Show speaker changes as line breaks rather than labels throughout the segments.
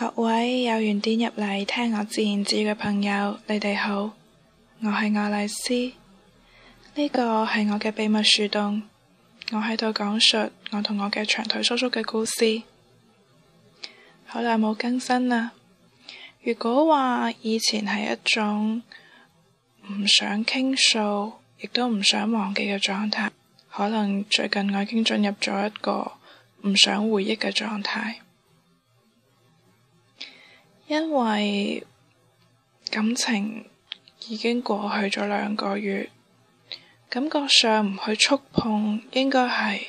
各位有緣點入嚟聽我自言自語嘅朋友，你哋好，我係愛麗絲，呢個係我嘅秘密樹洞，我喺度講述我同我嘅長腿叔叔嘅故事。好耐冇更新啦，如果話以前係一種唔想傾訴，亦都唔想忘記嘅狀態，可能最近我已經進入咗一個唔想回憶嘅狀態。因為感情已經過去咗兩個月，感覺上唔去觸碰應該係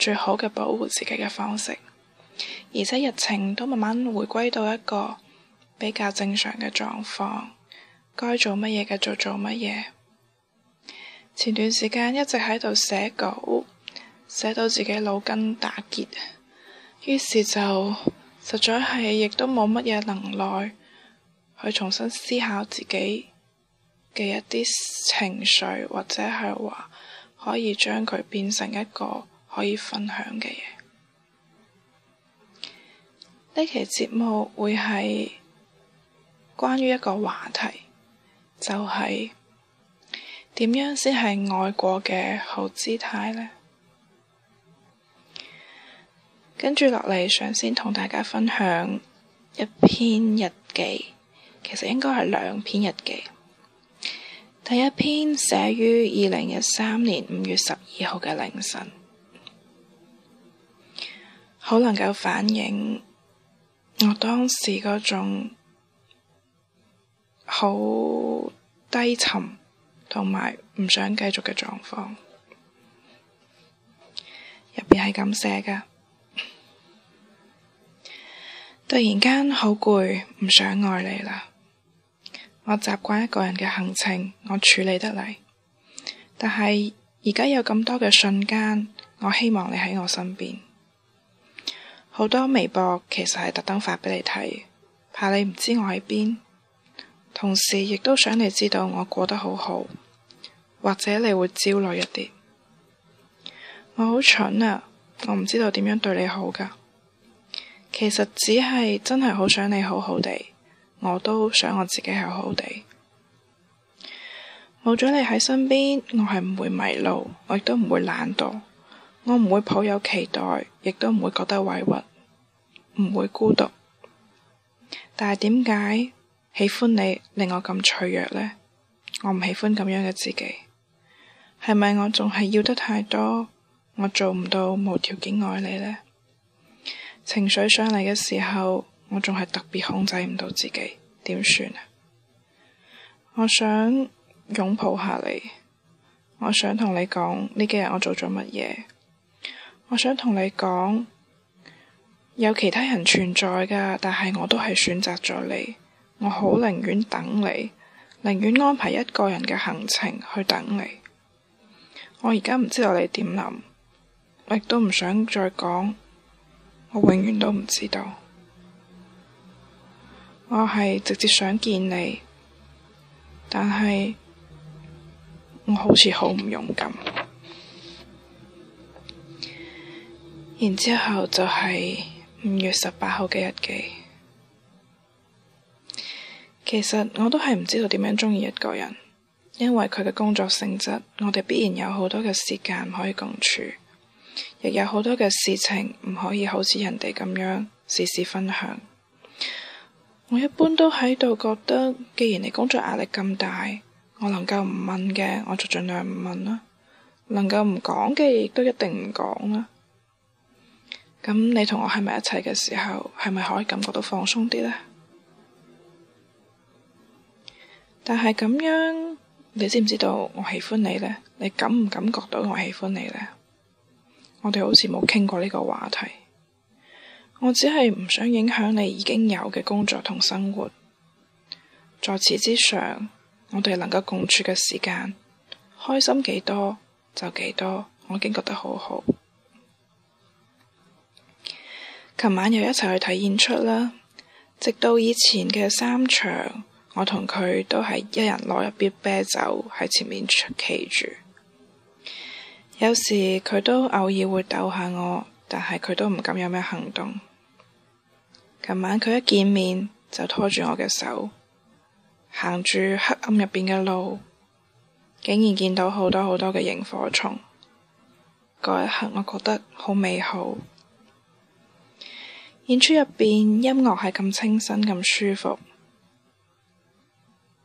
最好嘅保護自己嘅方式，而且日程都慢慢回歸到一個比較正常嘅狀況，該做乜嘢繼續做乜嘢。前段時間一直喺度寫稿，寫到自己腦筋打結，於是就。實在係，亦都冇乜嘢能耐去重新思考自己嘅一啲情緒，或者係話可以將佢變成一個可以分享嘅嘢。呢期節目會係關於一個話題，就係、是、點樣先係愛過嘅好姿態呢？跟住落嚟，想先同大家分享一篇日記，其實應該係兩篇日記。第一篇寫於二零一三年五月十二號嘅凌晨，好能夠反映我當時嗰種好低沉同埋唔想繼續嘅狀況，入邊係咁寫嘅。突然間好攰，唔想愛你啦。我習慣一個人嘅行程，我處理得嚟。但係而家有咁多嘅瞬間，我希望你喺我身邊。好多微博其實係特登發畀你睇，怕你唔知我喺邊。同時亦都想你知道我過得好好，或者你會焦慮一啲。我好蠢啊，我唔知道點樣對你好噶。其實只係真係好想你好好地，我都想我自己好好地。冇咗你喺身邊，我係唔會迷路，我亦都唔會懶惰，我唔會抱有期待，亦都唔會覺得委屈，唔會孤獨。但係點解喜歡你令我咁脆弱呢？我唔喜歡咁樣嘅自己，係咪我仲係要得太多？我做唔到無條件愛你呢？情緒上嚟嘅時候，我仲係特別控制唔到自己，點算啊？我想擁抱下你，我想同你講呢幾日我做咗乜嘢，我想同你講有其他人存在㗎，但係我都係選擇咗你，我好寧願等你，寧願安排一個人嘅行程去等你。我而家唔知道你點諗，我亦都唔想再講。我永遠都唔知道，我係直接想見你，但係我好似好唔勇敢。然之後就係五月十八號嘅日記，其實我都係唔知道點樣鍾意一個人，因為佢嘅工作性質，我哋必然有好多嘅時間可以共處。亦有好多嘅事情唔可以好似人哋咁樣事事分享。我一般都喺度覺得，既然你工作壓力咁大，我能夠唔問嘅，我就盡量唔問啦；能夠唔講嘅，亦都一定唔講啦。咁你同我喺埋一齊嘅時候，係咪可以感覺到放鬆啲咧？但係咁樣，你知唔知道我喜歡你咧？你感唔感覺到我喜歡你咧？我哋好似冇傾過呢個話題，我只係唔想影響你已經有嘅工作同生活。在此之上，我哋能夠共處嘅時間，開心幾多就幾多，我已經覺得好好。琴晚又一齊去睇演出啦，直到以前嘅三場，我同佢都係一人攞一杯啤酒喺前面企住。有時佢都偶爾會逗下我，但係佢都唔敢有咩行動。琴晚佢一見面就拖住我嘅手，行住黑暗入邊嘅路，竟然見到好多好多嘅螢火蟲。嗰一刻我覺得好美好。演出入邊音樂係咁清新咁舒服，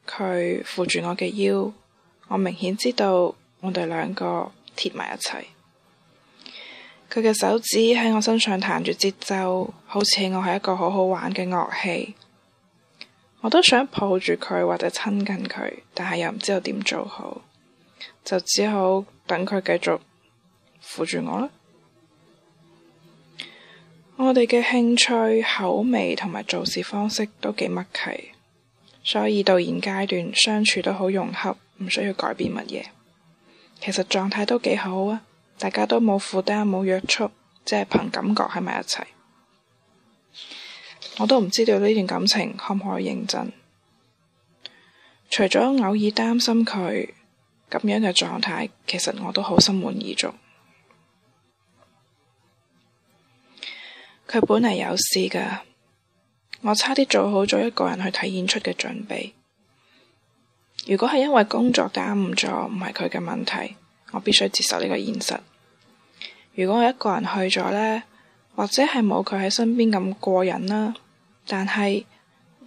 佢扶住我嘅腰，我明顯知道我哋兩個。貼埋一齊，佢嘅手指喺我身上彈住節奏，好似我係一個好好玩嘅樂器。我都想抱住佢或者親近佢，但係又唔知道點做好，就只好等佢繼續扶住我啦。我哋嘅興趣、口味同埋做事方式都幾默契，所以到現階段相處都好融洽，唔需要改變乜嘢。其實狀態都幾好啊，大家都冇負擔冇約束，只係憑感覺喺埋一齊。我都唔知道呢段感情可唔可以認真。除咗偶爾擔心佢咁樣嘅狀態，其實我都好心滿意足。佢本嚟有事噶，我差啲做好咗一個人去睇演出嘅準備。如果係因為工作耽誤咗，唔係佢嘅問題，我必須接受呢個現實。如果我一個人去咗呢，或者係冇佢喺身邊咁過癮啦。但係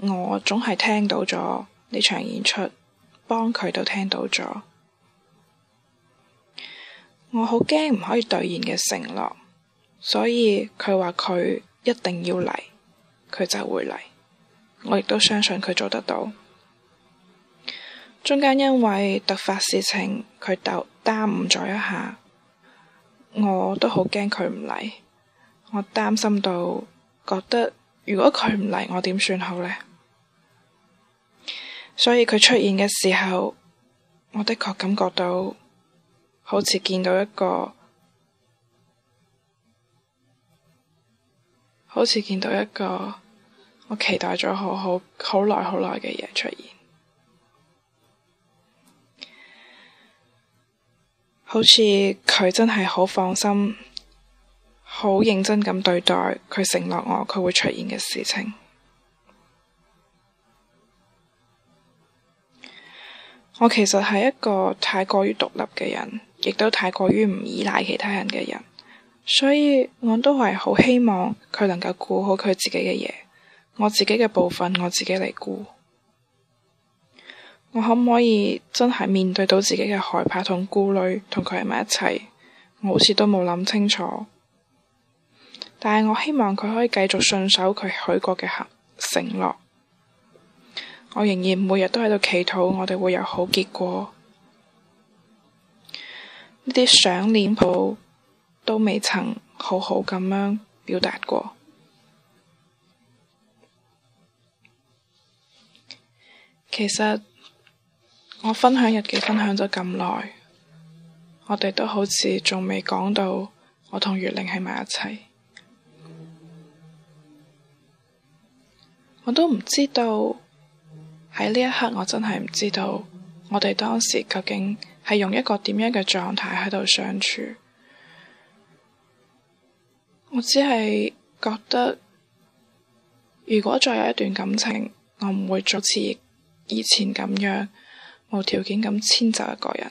我總係聽到咗呢場演出，幫佢都聽到咗。我好驚唔可以兌現嘅承諾，所以佢話佢一定要嚟，佢就會嚟。我亦都相信佢做得到。中間因為突發事情，佢就耽誤咗一下，我都好驚佢唔嚟，我擔心到覺得如果佢唔嚟，我點算好咧？所以佢出現嘅時候，我的確感覺到好似見到一個，好似見到一個，我期待咗好好好耐好耐嘅嘢出現。好似佢真係好放心、好認真咁對待佢承諾我佢會出現嘅事情。我其實係一個太過於獨立嘅人，亦都太過於唔依賴其他人嘅人，所以我都係好希望佢能夠顧好佢自己嘅嘢，我自己嘅部分我自己嚟顧。我可唔可以真係面對到自己嘅害怕同顧慮，同佢喺埋一齊？我好似都冇諗清楚。但係我希望佢可以繼續信守佢許過嘅承諾。我仍然每日都喺度祈禱，我哋會有好結果。呢啲想念抱都未曾好好咁樣表達過。其實。我分享日記分享咗咁耐，我哋都好似仲未講到我同月玲喺埋一齊。我都唔知道喺呢一刻我，我真係唔知道我哋當時究竟係用一個點樣嘅狀態喺度相處。我只係覺得，如果再有一段感情，我唔會再似以前咁樣。無條件咁遷就一個人，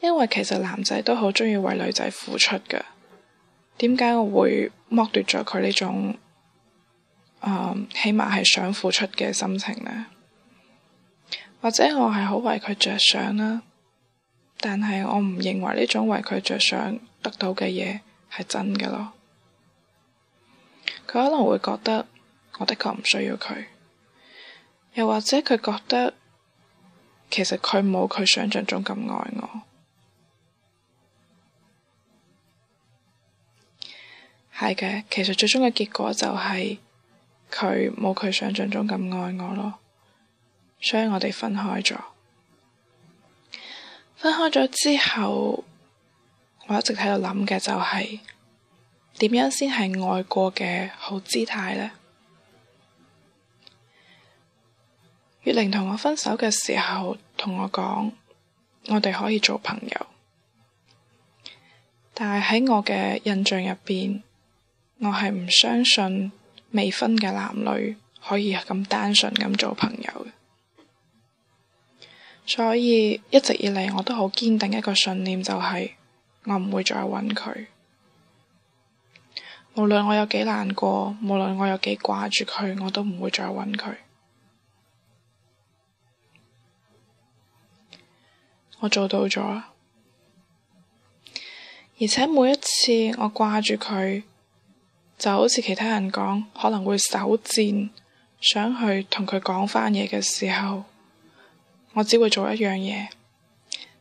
因為其實男仔都好中意為女仔付出噶。點解我會剝奪咗佢呢種，誒、嗯，起碼係想付出嘅心情呢？或者我係好為佢着想啦，但係我唔認為呢種為佢着想得到嘅嘢係真嘅咯。佢可能會覺得我的確唔需要佢。又或者佢覺得其實佢冇佢想象中咁愛我，係嘅。其實最終嘅結果就係佢冇佢想象中咁愛我咯，所以我哋分開咗。分開咗之後，我一直喺度諗嘅就係點樣先係愛過嘅好姿態呢？月玲同我分手嘅時候，同我講，我哋可以做朋友。但係喺我嘅印象入邊，我係唔相信未婚嘅男女可以咁單純咁做朋友嘅。所以一直以嚟，我都好堅定一個信念，就是，就係我唔會再揾佢。無論我有幾難過，無論我有幾掛住佢，我都唔會再揾佢。我做到咗，而且每一次我掛住佢，就好似其他人講，可能會手賤想去同佢講翻嘢嘅時候，我只會做一樣嘢，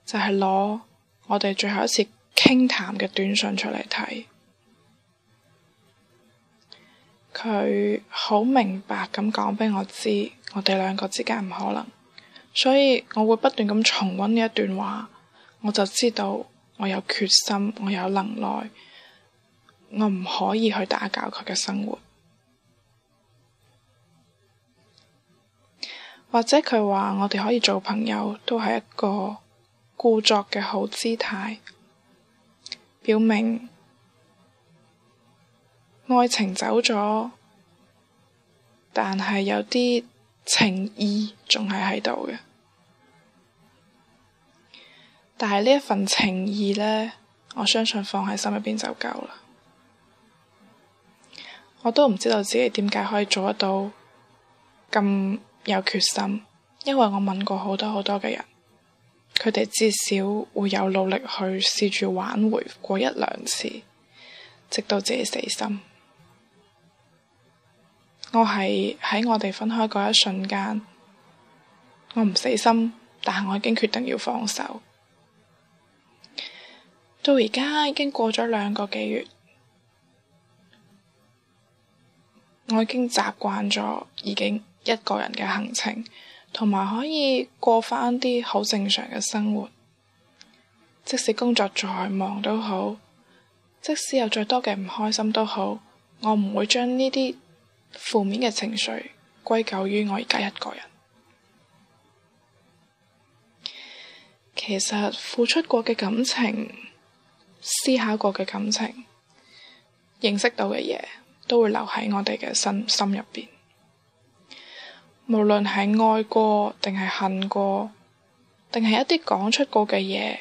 就係、是、攞我哋最後一次傾談嘅短信出嚟睇，佢好明白咁講畀我知，我哋兩個之間唔可能。所以我會不斷咁重溫呢一段話，我就知道我有決心，我有能耐，我唔可以去打攪佢嘅生活。或者佢話我哋可以做朋友，都係一個故作嘅好姿態，表明愛情走咗，但係有啲。情意仲係喺度嘅，但係呢一份情意呢，我相信放喺心入邊就夠啦。我都唔知道自己點解可以做得到咁有決心，因為我問過好多好多嘅人，佢哋至少會有努力去試住挽回過一兩次，直到自己死心。我係喺我哋分開嗰一瞬間，我唔死心，但係我已經決定要放手。到而家已經過咗兩個幾月，我已經習慣咗已經一個人嘅行程，同埋可以過返啲好正常嘅生活。即使工作再忙都好，即使有再多嘅唔開心都好，我唔會將呢啲。負面嘅情緒歸咎於我而家一個人。其實付出過嘅感情，思考過嘅感情，認識到嘅嘢，都會留喺我哋嘅心心入邊。無論係愛過，定係恨過，定係一啲講出過嘅嘢，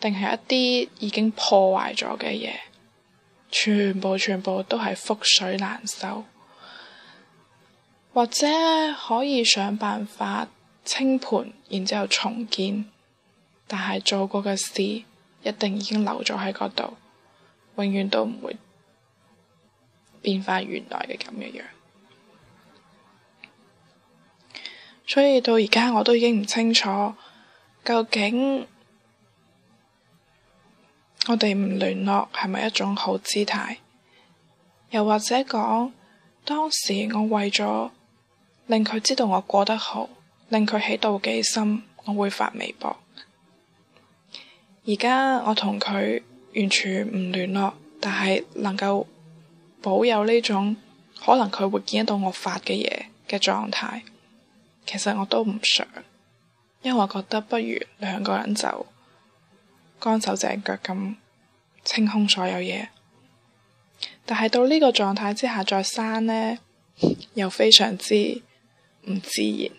定係一啲已經破壞咗嘅嘢，全部全部都係覆水難收。或者可以想辦法清盤，然之後重建，但係做過嘅事一定已經留咗喺嗰度，永遠都唔會變翻原來嘅咁一樣。所以到而家我都已經唔清楚，究竟我哋唔聯絡係咪一種好姿態？又或者講當時我為咗令佢知道我過得好，令佢起妒忌心，我會發微博。而家我同佢完全唔聯絡，但係能夠保有呢種可能佢會見得到我發嘅嘢嘅狀態，其實我都唔想，因為我覺得不如兩個人就乾手淨腳咁清空所有嘢。但係到呢個狀態之下再刪呢，又非常之。唔自然，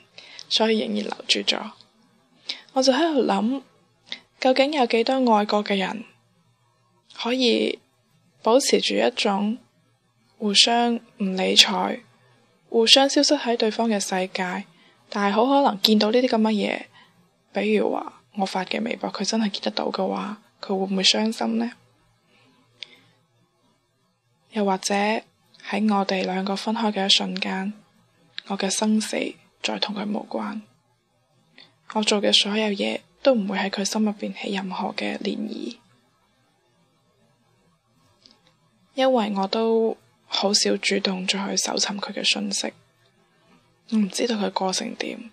所以仍然留住咗。我就喺度諗，究竟有幾多愛過嘅人可以保持住一種互相唔理睬、互相消失喺對方嘅世界？但係好可能見到呢啲咁嘅嘢，比如話我發嘅微博，佢真係見得到嘅話，佢會唔會傷心呢？又或者喺我哋兩個分開嘅一瞬間？我嘅生死再同佢無關，我做嘅所有嘢都唔會喺佢心入邊起任何嘅漣漪，因為我都好少主動再去搜尋佢嘅訊息，我唔知道佢過成點，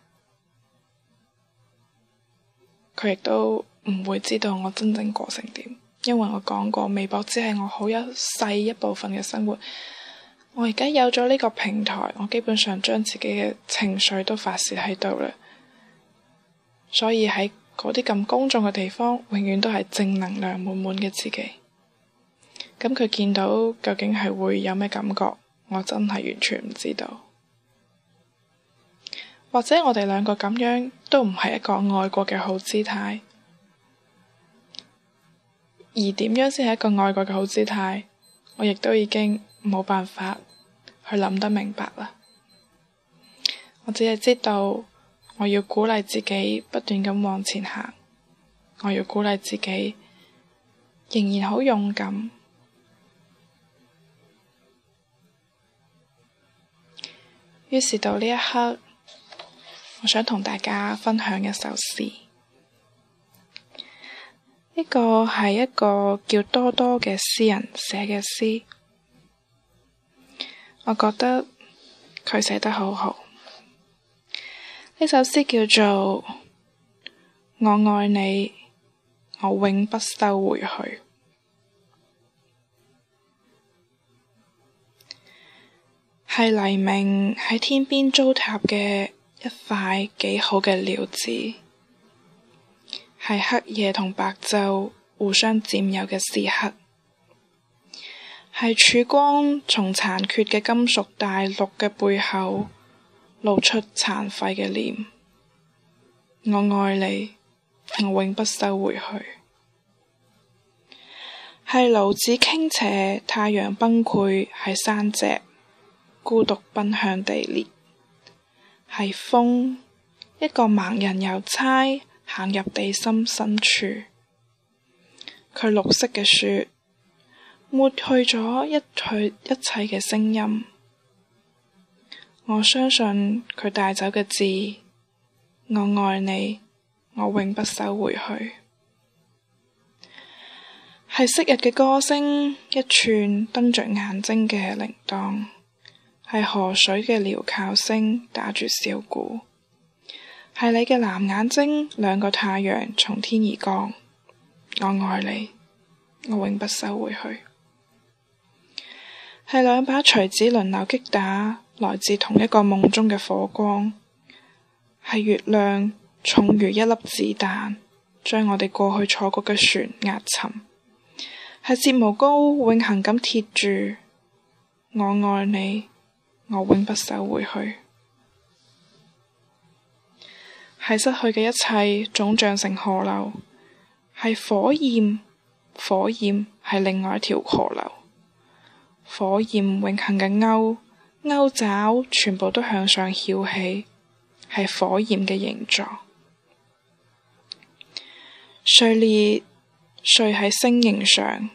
佢亦都唔會知道我真正過成點，因為我講過，微博只係我好一細一部分嘅生活。我而家有咗呢個平台，我基本上將自己嘅情緒都發洩喺度啦，所以喺嗰啲咁公眾嘅地方，永遠都係正能量滿滿嘅自己。咁佢見到究竟係會有咩感覺，我真係完全唔知道。或者我哋兩個咁樣都唔係一個愛國嘅好姿態，而點樣先係一個愛國嘅好姿態，我亦都已經。冇辦法去諗得明白啦。我只係知道，我要鼓勵自己不斷咁往前行，我要鼓勵自己仍然好勇敢。於是到呢一刻，我想同大家分享一首詩。呢個係一個叫多多嘅詩人寫嘅詩。我覺得佢寫得好好，呢首詩叫做《我愛你，我永不收回去》，係黎明喺天邊糟蹋嘅一塊幾好嘅料子，係黑夜同白晝互相佔有嘅時刻。係曙光從殘缺嘅金屬大陸嘅背後露出殘廢嘅臉。我愛你，我永不收回去。係樓子傾斜，太陽崩潰，係山脊，孤獨奔向地裂。係風，一個盲人郵差行入地心深處，佢綠色嘅雪。抹去咗一去一切嘅聲音，我相信佢帶走嘅字，我愛你，我永不收回去。係昔日嘅歌聲，一串瞪着眼睛嘅鈴鐺，係河水嘅鐐銬聲打住小鼓，係你嘅藍眼睛，兩個太陽從天而降，我愛你，我永不收回去。係兩把錘子輪流擊打來自同一個夢中嘅火光，係月亮重如一粒子彈，將我哋過去坐過嘅船壓沉。係睫毛膏永恆咁貼住，我愛你，我永不收回去。係失去嘅一切總漲成河流，係火焰，火焰係另外一條河流。火焰永恆嘅勾勾爪，全部都向上翹起，係火焰嘅形狀。碎裂碎喺星形上，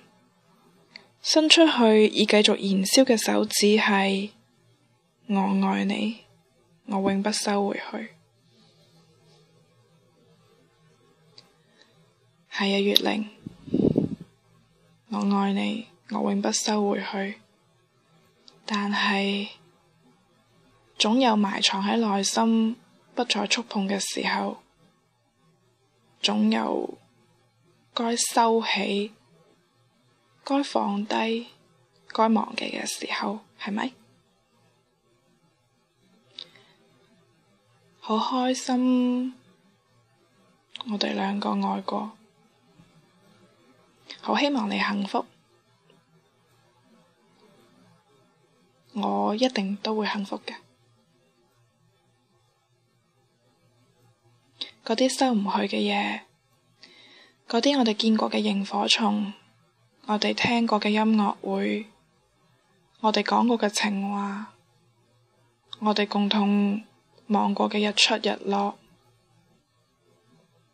伸出去以繼續燃燒嘅手指係，我愛你，我永不收回去。係啊月令，我愛你。我永不收回去，但係總有埋藏喺內心不再觸碰嘅時候，總有該收起、該放低、該忘記嘅時候，係咪？好開心我哋兩個愛過，好希望你幸福。我一定都會幸福嘅。嗰啲收唔去嘅嘢，嗰啲我哋見過嘅螢火蟲，我哋聽過嘅音樂會，我哋講過嘅情話，我哋共同望過嘅日出日落，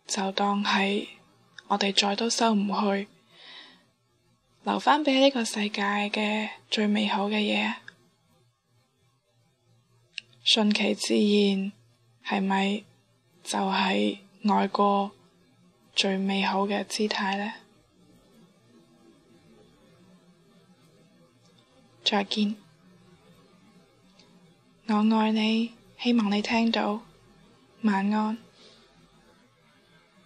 就當係我哋再都收唔去，留翻畀呢個世界嘅最美好嘅嘢。順其自然係咪就係愛過最美好嘅姿態呢？再見，我愛你，希望你聽到，晚安。